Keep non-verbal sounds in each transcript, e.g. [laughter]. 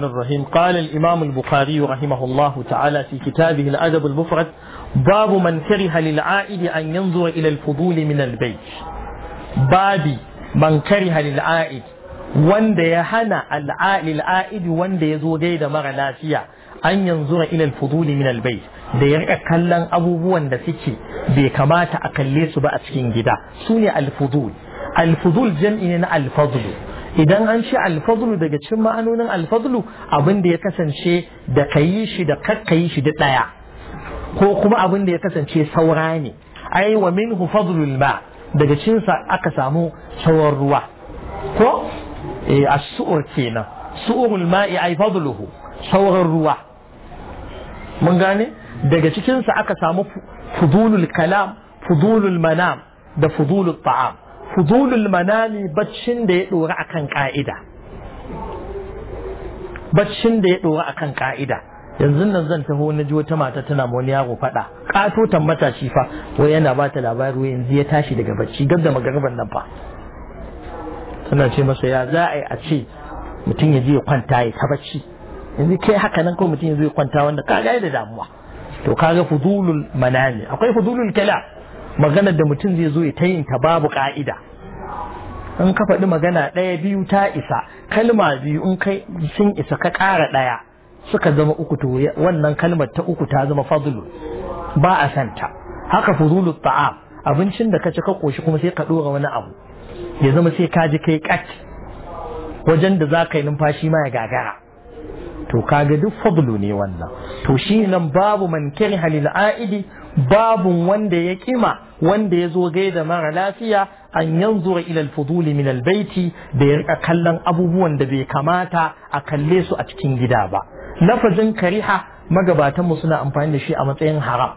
الرحمن الرحيم قال الإمام البخاري رحمه الله تعالى في كتابه الأدب المفرد باب من كره للعائد أن ينظر إلى الفضول من البيت بابي من كره للعائد wanda ya hana lil'a'idi wanda ya zo gai da mara lafiya an yanzu ila al-fuduli min al-bayt da ya rika kallon abubuwan da suke bai kamata a kalle su ba a cikin gida su ne al-fudul al-fudul jam'i ne na al-fadlu idan an ci alfazlu daga cikin ma'anonin alfazlu abin da ya kasance da ka yi shi da kakka yi shi da ɗaya ko kuma abin da ya kasance saura ne ai wa minhu fadlul daga cinsa aka samu sauran ruwa ko eh as-su'ur kenan su'urul ma'i ai fadluhu sauran ruwa mun gane daga cikinsa aka samu fudulul kalam fudulul manam da fudulul ta'am fuzulul manami baccin da ya dora akan ka'ida baccin da ya dora akan ka'ida yanzu nan zan taho na ji wata mata tana wani yaro faɗa katotan matashi fa wai yana ba ta labari yanzu ya tashi daga bacci gab da magarban nan fa tana ce masa ya za a yi a ce mutum ya je ya kwanta ya ta bacci yanzu kai haka nan ko mutum ya ya kwanta wanda ka ga da damuwa to ga fudulul manami akwai fudulul kala maganar da mutum zai zo ya ta yin ta babu ka'ida in ka faɗi magana ɗaya biyu ta isa kalma biyu in kai sun isa ka ƙara ɗaya suka zama uku to wannan kalmar ta uku ta zama fadlu ba a santa haka fuzulu ta'am abincin da ka ci ka koshi kuma sai ka ɗora wani abu ya zama sai ka ji kai kat wajen da za ka yi numfashi ma ya gagara to kaga duk fadlu ne wannan to shi nan babu man kiri lil aidi babu wanda ya kima wanda ya zo gaida mara lafiya an yanzura ila al-fuduli min al-baiti da ya rika kallon abubuwan da bai kamata a kalle su a cikin gida ba lafazin kariha magabatanmu suna amfani da shi a matsayin haram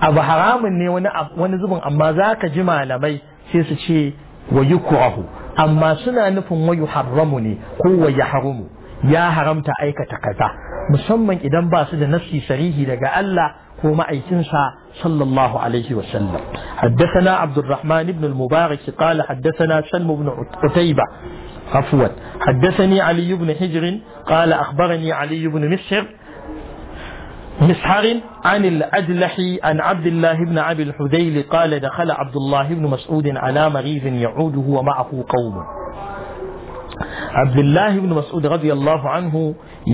abu haramun ne wani wani zubin amma zaka ji malamai sai su ce wa yukrahu amma suna nufin wa yuharramu ne ko wa yahrumu ya haramta aikata kaza musamman idan ba su da nafsi sarihi daga Allah ko ma'aikinsa sallallahu alaihi wa sallam haddathana abdurrahman ibn al-mubarak qala haddathana salm ibn utayba عفوا حدثني علي بن حجر قال أخبرني علي بن مسحر مسحر عن الأدلحي عن عبد الله بن أبي الحذيل قال دخل عبد الله بن مسعود على مريض يعوده ومعه قومه abdullahi ibn mas'ud radiyallahu anhu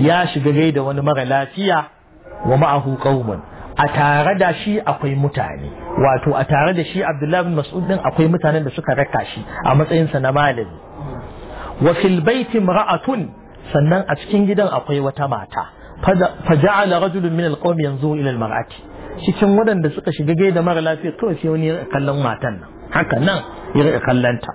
ya shiga gaida wani mara lafiya wa ma'ahu qauman a tare da shi akwai mutane wato a tare da shi abdullahi ibn mas'ud din akwai mutanen da suka raka shi a matsayinsa na malami wa fil baiti imra'atun sannan a cikin gidan akwai wata mata faja'ala rajulun min alqawmi yanzu ila almar'ati cikin waɗanda suka shiga gaida mara lafiya kawai sai wani ya kallon matan nan haka nan ya rika kallon ta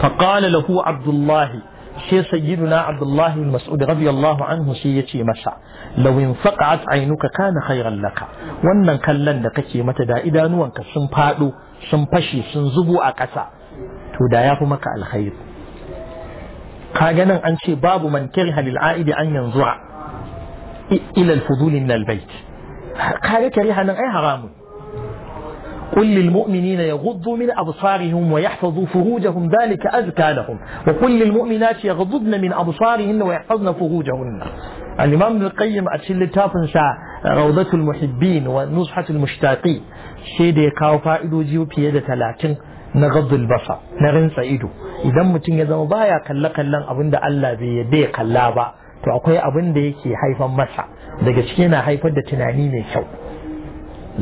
فقال له عبد الله sai sayyiduna abdullahi bin mas'ud radiyallahu anhu sai yace masa law infaqat aynuka kana khayran laka wannan kallon da kake mata da idanuwanka sun fado sun fashe sun zubo a ƙasa to da yafi maka alkhairi kaga nan an ce babu man kirha lil aidi an yanzu ila al fudul min al bait kaga kariha nan ai haramun قل للمؤمنين يغضوا من أبصارهم ويحفظوا فروجهم ذلك أزكى لهم وقل للمؤمنات يغضضن من أبصارهن ويحفظن فروجهن الإمام ابن القيم أتشل تافن سا روضة المحبين ونصحة المشتاقين شيد يكاو فائدو جيو بيدة لكن نغض البصر نغن na إذا متن يزم بايا كلا كلا أبند ألا kallon abin da Allah bai أبند يكي حيفا ba to حيفا دتناني da yake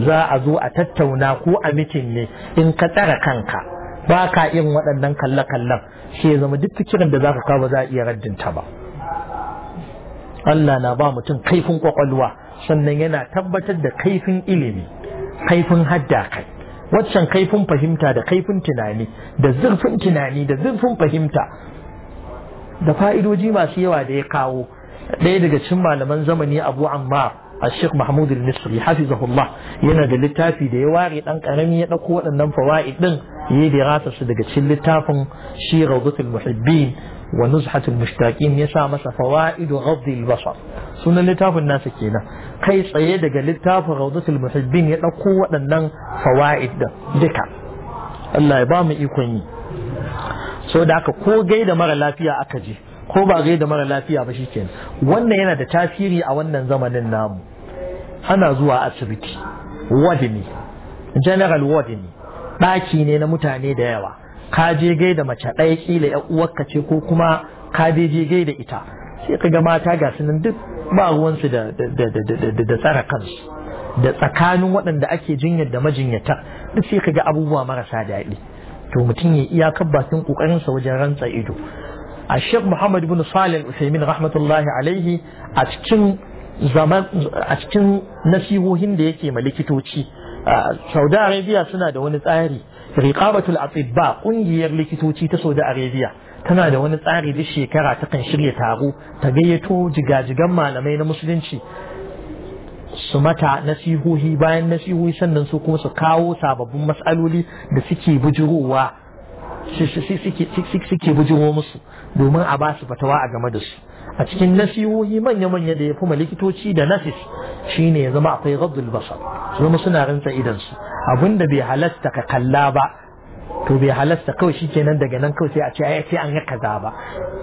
za a zo a tattauna ko a mitin ne in ka tsara kanka ba ka yin waɗannan kalle-kallen shi ya zama duk fikirin da za ka kawo za a iya raddin ta ba Allah na ba mutum kaifin kwakwalwa sannan yana tabbatar da kaifin ilimi kaifin hadda kai waccan kaifin fahimta da kaifin tunani da zurfin tunani da zurfin fahimta da fa'idoji masu yawa da ya kawo ɗaya daga cikin malaman zamani abu amma. الشيخ محمود المصري حفظه الله ينا da littafi da ya ware dan karamin ya dauko waɗannan fawaid din yayi dirasa su daga cikin littafin shi rawdatul muhibbin wa nuzhatul mushtaqin ya sa masa fawaid ghadd al sunan littafin nasa kenan kai tsaye daga littafin rawdatul muhibbin ya dauko waɗannan fawaid din duka Allah ya ba mu ikon yi so da aka ko gaida mara lafiya aka ji ko ba gaida mara lafiya ba kenan wannan yana da tasiri a wannan zamanin namu ana zuwa asibiti ward ne general ward ne ɗaki ne na mutane da yawa ka je gai da mace ɗaya kila ya uwarka ce ko kuma ka je gai da ita sai ka ga mata ga su nan duk ba ruwansu da da tsara kansu da tsakanin waɗanda ake jinyar da majinyata duk sai ka ga abubuwa marasa daɗi to mutum ya iyakar bakin ƙoƙarinsa wajen rantsa ido a shek muhammad bin salih al rahmatullahi alaihi a cikin zaman a cikin nasihohin da yake ma likitoci Saudi Arabia suna da wani tsari riqabatul atibba kungiyar likitoci ta Saudi Arabia tana da wani tsari duk shekara ta kan shirya taro ta gayyato jigajigan malamai na musulunci su mata nasihohi bayan nasihohi sannan su kuma su kawo sababbin matsaloli da suke bujurowa suke bujiro musu domin a ba su fatawa a game da su a cikin nasihohi manya-manya da ya fi likitoci da nafis shine ya zama akwai gaddul basar zama suna rantsa idansu abinda bai halasta ka kalla ba to bai halasta kawai shi kenan daga nan kawai sai a ce a ce an ya kaza ba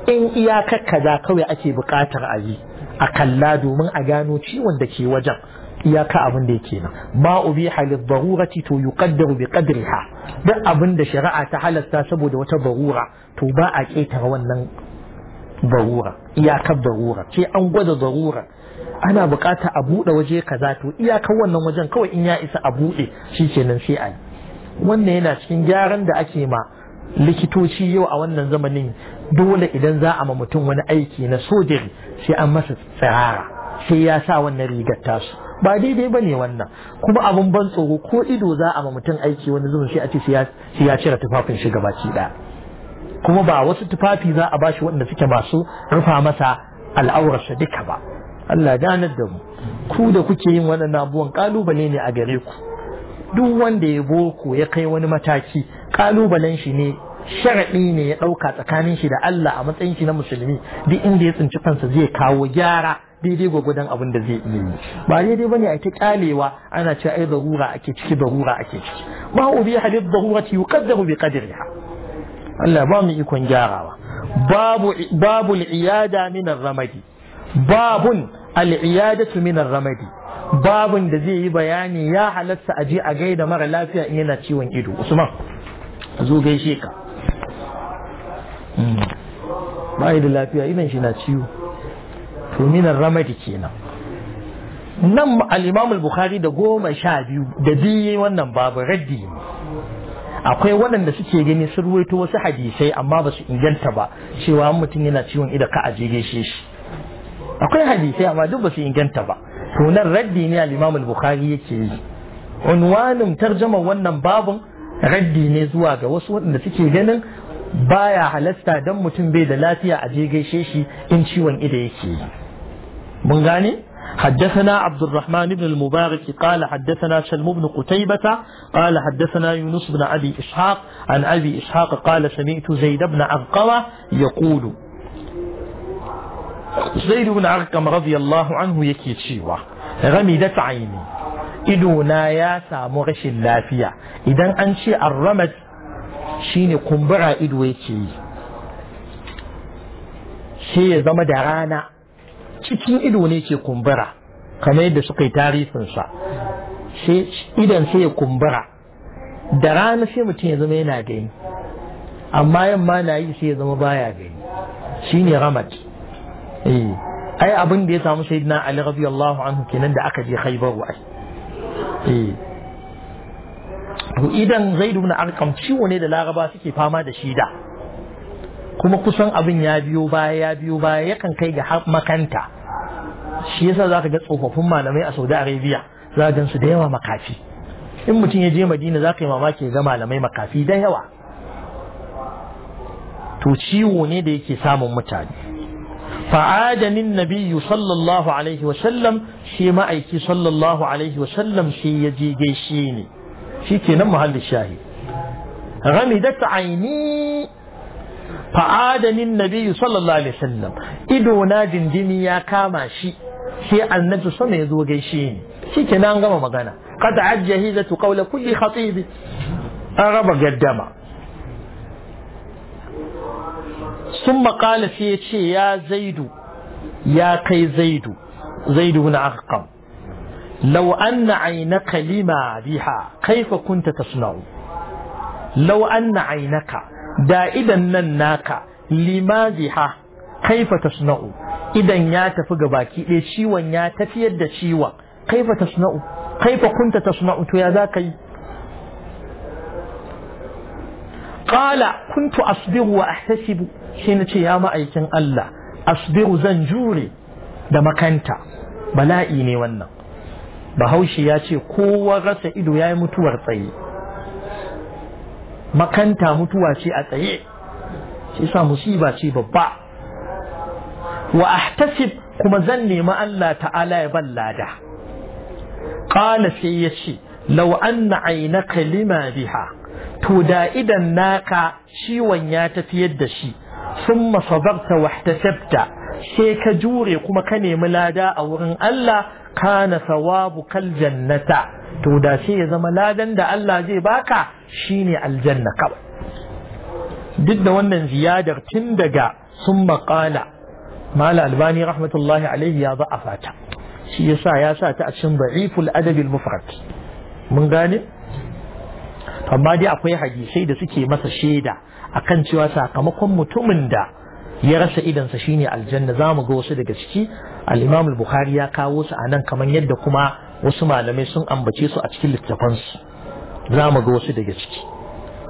in iyaka kaza kawai ake bukatar a yi a kalla domin a gano ciwon da ke wajen iyaka abin da yake nan ma ubi halis barurati to yuqaddaru bi qadriha duk abin da shari'a ta halasta saboda wata barura to ba a ketare wannan darura iyakar darura ce an gwada darura ana bukata a buɗe waje kaza to iyakar wannan wajen kawai in ya isa a buɗe nan sai a yi wannan yana cikin gyaran da ake ma likitoci yau a wannan zamanin dole idan za a ma mutum wani aiki na sojiri sai an masa tsirara sai ya sa wannan rigar tasu ba daidai ba ne wannan kuma abin ban tsoro ko ido za a ma mutum aiki wani zuwa sai a ce sai ya cire tufafin shi gabaki ɗaya kuma ba wasu tufafi za a bashi waɗanda suke masu rufa masa al'aurarsa duka ba Allah danar da mu ku da kuke yin waɗannan abubuwan kalubale ne a gare ku duk wanda ya boko ya kai wani mataki kalubalen shi ne sharaɗi ne ya ɗauka tsakanin shi da Allah a matsayin shi na musulmi duk inda ya tsinci kansa zai kawo gyara daidai gwagwadon abin da zai iya yi ba daidai bane a ta kyalewa ana cewa ai zarura ake ciki zarura ake ciki ma ubi halid zarurati yuqaddaru bi qadriha Allah ba mu ikon gyarawa babu babu al'iyada min ramadi babun al'iyadatu min ramadi babun da zai yi bayani ya halatta aje a gaida mara lafiya in yana ciwon ido Usman zo gaishe ka hmm. ba da lafiya idan shi na ciwo to min ramadi kenan nan al'imamul bukhari da goma sha biyu da biyu wannan babu raddi ne akwai waɗanda suke gani sun ruwaito wasu hadisai amma ba su inganta ba cewa mutum yana ciwon ida ka aje gaishe shi akwai hadisai amma duk ba su inganta ba to nan raddi ne al-Imam al-Bukhari yake yi unwanin tarjama wannan babun raddi ne zuwa ga wasu waɗanda suke ganin baya halasta dan mutum bai da lafiya aje gaishe shi in ciwon ida yake yi. mun gane حدثنا عبد الرحمن بن المبارك قال حدثنا سلم بن قتيبة قال حدثنا يونس بن أبي إسحاق عن أبي إسحاق قال سمعت زيد بن عرقمة يقول زيد بن عرقم رضي الله عنه يكي تشيوة غمدت عيني idona ya samu اللافية إذا أنشي الرمد شيني arramat shine kumbura ido yake yi cikin ido ne ke kumbura kamar yadda suka yi tarihinsa sai idan sai ya kumbura da rana sai mutum ya zama yana gani amma yamma na yi sai ya zama baya gani shine ramat eh, ai abin da ya samu sayyidina ali radiyallahu anhu kenan da aka je khaybar wa eh. to idan zai ibn arqam ciwo ne da laraba suke fama da shi da kuma kusan abin ya biyo baya ya biyo baya yakan kai ga makanta shi yasa zaka ga tsofaffin malamai a Saudi Arabia za gan su da yawa makafi in mutum ya je Madina za ka yi mamaki ga malamai makafi da yawa to ciwo ne da yake samun mutane fa'adanin Nabiyu sallallahu alaihi wa sallam shi ma'aiki sallallahu alaihi wa sallam shi ya je gaishe ne shi kenan muhalli shahi غمدت عيني fa'adanin Nabiyu sallallahu alaihi wasallam ido na dindini ya kama shi sai annabi sama ya zo gaishe ni shi ke an gama magana qad ajjahizatu qawla kulli khatib an raba gaddama ثم قال في يا زيد يا كي زيد زيد بن أرقم لو أن عينك لما بها كيف كنت تصنع لو أن عينك دائما نناك لما بها كيف تصنع idan ya tafi ga baki ɗaya ciwon ya tafiyar da ciwon kaifa tasna'u kaifa kunta to ya za ka yi qala kuntu asbiru wa ahtasibu sai na ce ya ma'aikin Allah asbiru zan jure da makanta bala'i ne wannan bahaushe ya ce kowa rasa ido ya yi mutuwar tsaye makanta mutuwa ce a tsaye shi sa musiba ce babba wa ahtasib kuma zan nemi Allah ta'ala ya ban lada qala sai ya ce law anna aynaka lima biha to da idan naka ciwon ya tafiyar da shi summa sabarta wahtasabta sai ka jure kuma ka nemi lada a wurin Allah kana sawabu kal jannata to da sai ya zama ladan da Allah zai baka shine aljanna kawai duk da wannan ziyadar tun daga sun maƙala mala albani rahmatullahi alaihi ya ba a fata shi yasa ya sa ta a cikin da'iful adabil mufrad mun gane amma dai akwai hadisai da suke masa shaida a kan cewa sakamakon mutumin da ya rasa idansa shine aljanna za mu ga wasu daga ciki al-imam bukhari ya kawo su a nan kamar yadda kuma wasu malamai sun ambace su a cikin littafansu za mu ga wasu daga ciki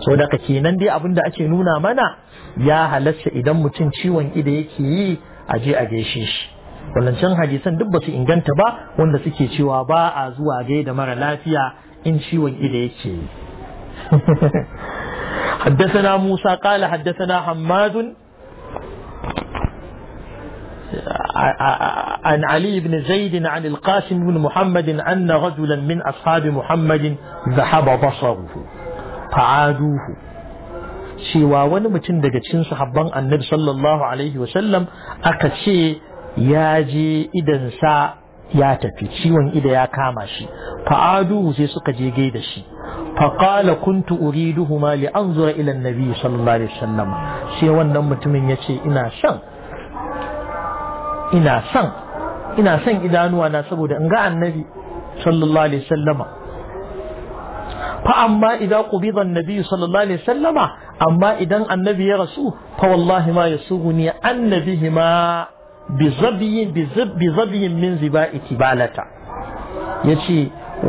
so daga kenan dai abin da ake nuna mana ya halasta idan mutum ciwon ido yake yi a je a gaishe shi wannan hadisan duk basu inganta ba wanda suke cewa ba a zuwa gaida mara lafiya in ciwon ido yake [laughs] haddasana Musa qala haddasana Hammad an Ali ibn Zaid an al-Qasim ibn Muhammad anna rajulan min ashab Muhammad zahaba basaruhu fa'aduhu cewa wani mutum daga cikin sahabban annabi sallallahu alaihi wasallam aka ce ya je idansa ya tafi ciwon ida ya kama shi fa'adu sai suka je da shi faqala kuntu uriduhuma li anzura ila annabi sallallahu alaihi wasallam sai wannan mutumin ya ce ina son ina son ina son idanuwa na saboda in ga annabi sallallahu alaihi wasallama fa amma idza qubida annabi sallallahu alaihi wasallama amma idan annabi ya rasu fa wallahi ma yasughuni annabihima bi zabiyin bi zabiyin min zibai tibalata yace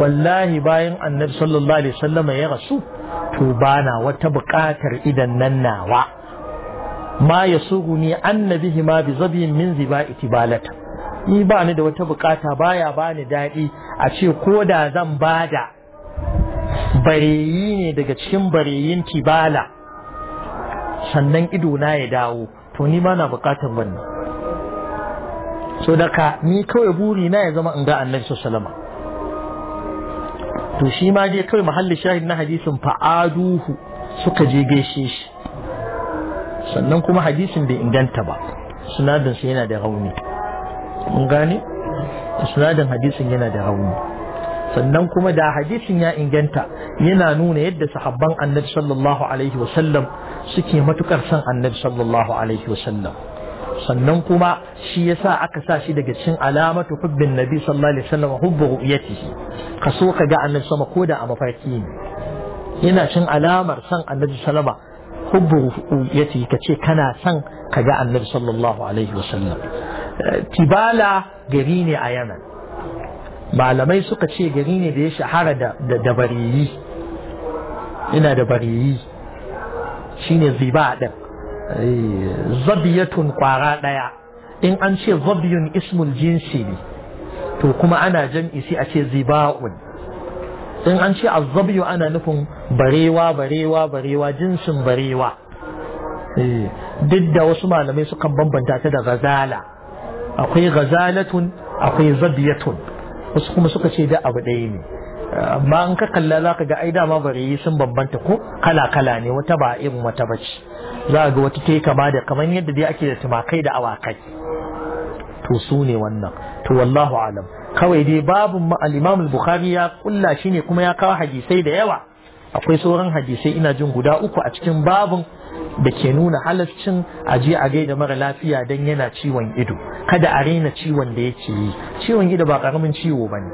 wallahi bayan annabi sallallahu alaihi wasallam ya rasu to bana wata buƙatar idan nan nawa ma yasughuni annabihima bi zabiyin min zibai tibalata ni ba ni da wata bukata baya bani daɗi a ce ko da zan bada bareyi ne daga cikin bareyin tibala sannan ido na ya dawo to ni ma na bukatar wannan so daga ni kawai buri na ya zama in ga annabi sallallahu alaihi to shi ma je kawai mahallin shahid na hadisin fa'aduhu suka je gaishe shi sannan kuma hadisin bai inganta ba sunadin sa yana da rauni mun gane sunadin hadisin yana da rauni sannan kuma da hadisin ya inganta yana nuna yadda sahabban annabi sallallahu alaihi wasallam suke matukar son annabi sallallahu alaihi wasallam sannan kuma shi yasa aka sa shi daga cikin alamatu hubbin nabi sallallahu alaihi wasallam hubbu ru'yatihi ka so ka ga annabi sama ko da a mafarki ne yana cin alamar son annabi sallama hubbu ru'yatihi ka ce kana son ka ga annabi sallallahu alaihi wasallam tibala gari ne a yaman malamai suka ce gari ne da ya shahara da bariyi ina da bariyi shine ziba din eh, zabiyatun kwara daya in an ce zabiyun ismul jinsi ne to kuma ana jam'i sai a ce ziba'un in an ce zabyu ana nufin barewa barewa barewa jinsin barewa eh, duk da wasu malamai sukan bambanta ta da gazala akwai gazalatun akwai zabiyatun wasu kuma suka ce da abu ɗaya ne amma in ka kalla za ka ga ai dama sun bambanta ko kala kala ne wata ba irin wata ba ce za ga wata ta yi kama da kamar yadda dai ake da tumakai da awakai to su ne wannan to wallahu alam kawai dai babu al-imam al-bukhari ya kulla shi ne kuma ya kawo hadisai da yawa akwai sauran hadisai ina jin guda uku a cikin babun da ke nuna halaccin aje a gaida mara lafiya dan yana ciwon ido kada a raina ciwon da yake yi ciwon ido ba karamin ciwo bane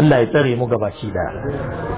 Allah ya tsare mu gabaki da